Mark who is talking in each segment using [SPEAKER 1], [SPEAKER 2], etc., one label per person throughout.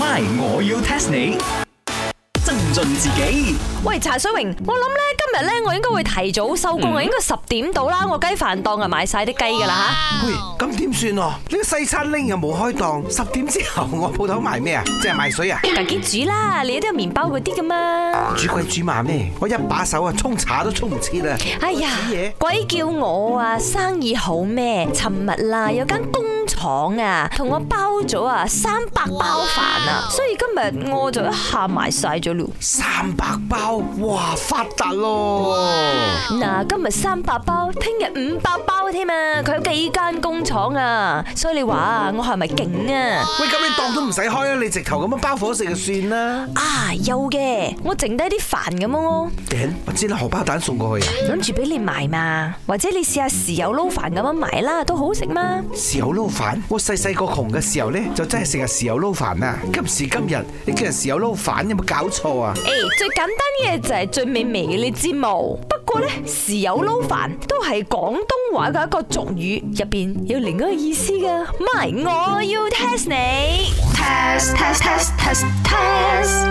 [SPEAKER 1] MY，我要 test 你，增進自己。喂，茶水榮，我諗咧今日咧，我應該會提早收工啊，嗯、應該十點到啦。我雞飯檔啊，買晒啲雞噶啦吓。
[SPEAKER 2] 喂，咁點算哦？呢、這個西餐拎又冇開檔，十點之後我鋪頭賣咩啊？即係賣水啊？
[SPEAKER 1] 自己煮啦，你
[SPEAKER 2] 都有麵包嗰啲噶嘛？煮鬼煮麻咩？我一把手啊，沖茶都沖唔切啦。
[SPEAKER 1] 哎呀，鬼叫我啊，生意好咩？尋日啦，有間公廠啊，同我包咗啊三百包飯啊，所以今日我就一下埋晒咗咯。三百包哇發達咯，嗱今日三百包，聽日五百包添啊！佢有幾間工廠啊，所以你話啊，我係咪勁啊？
[SPEAKER 2] 喂，咁你檔都唔使開啊，你直頭咁樣包伙食就算啦。啊
[SPEAKER 1] 有嘅，我剩低啲飯咁樣咯。
[SPEAKER 2] 頂，我知你荷包蛋送過去，啊，
[SPEAKER 1] 諗住俾你賣嘛？或者你試下豉油撈飯咁樣賣啦，都好食嘛？
[SPEAKER 2] 豉油撈飯。我細細個窮嘅時候咧，就真係成日豉油撈飯啦。今時今日，你叫人豉油撈飯有冇搞錯啊？誒，hey,
[SPEAKER 1] 最簡單嘅就係最美味嘅呢支毛。不過咧，豉油撈飯都係廣東話嘅一個俗語，入邊有另一個意思噶。MY，我要 test 你。test test test test test。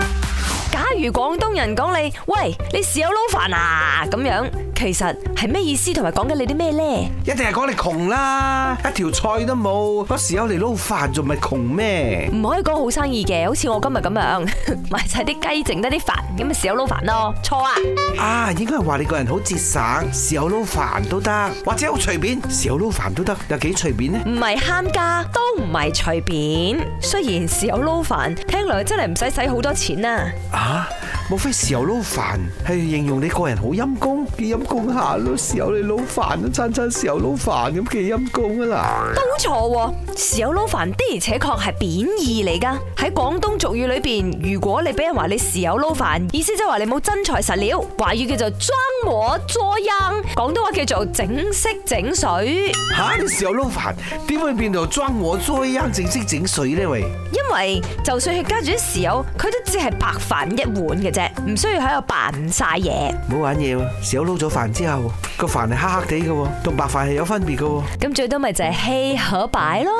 [SPEAKER 1] 假如廣東人講你喂，你豉油撈飯啊咁樣。其實係咩意思，同埋講緊你啲咩咧？
[SPEAKER 2] 一定係講你窮啦，一條菜都冇，個豉油嚟撈飯仲咪窮咩？唔可以講好生
[SPEAKER 1] 意嘅，好似我今日咁樣，賣晒啲雞，剩得啲飯，咁咪豉油撈飯咯？錯啊！
[SPEAKER 2] 啊，應該係話你個人好節省，豉油撈飯都得，或者好隨便，豉油撈飯都得，有幾隨便呢？
[SPEAKER 1] 唔係慳家，都唔係隨便。雖然豉油撈飯，聽落嚟真係唔使使好多錢啊！
[SPEAKER 2] 啊，莫非豉油撈飯係形容你個人好陰公？陰？供下咯，豉油你撈飯咯，餐餐豉油撈飯咁，嘅陰功啊嗱！都
[SPEAKER 1] 錯喎，豉油撈飯的而且確係貶義嚟噶。喺廣東俗語裏邊，如果你俾人話你豉油撈飯，意思即係話你冇真材實料，華語叫做裝模作樣，廣東話叫做整色整水。
[SPEAKER 2] 吓，豉油撈飯點會變做裝模作樣、整色整水呢？喂！
[SPEAKER 1] 因為就算係加住啲豉油，佢都只係白飯一碗嘅啫，唔需要喺度扮晒嘢。
[SPEAKER 2] 唔好玩嘢喎，豉油撈咗飯之後，個飯係黑黑地嘅，同白飯係有分別嘅。咁
[SPEAKER 1] 最多咪就係稀可擺咯。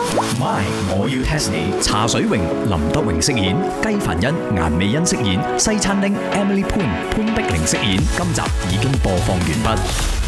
[SPEAKER 2] My，我要 test 你。茶水榮林德
[SPEAKER 1] 榮飾演，雞凡欣顏恩顏美欣飾演，西餐廳 Emily Poon 潘潘碧玲飾演。今集已經播放完畢。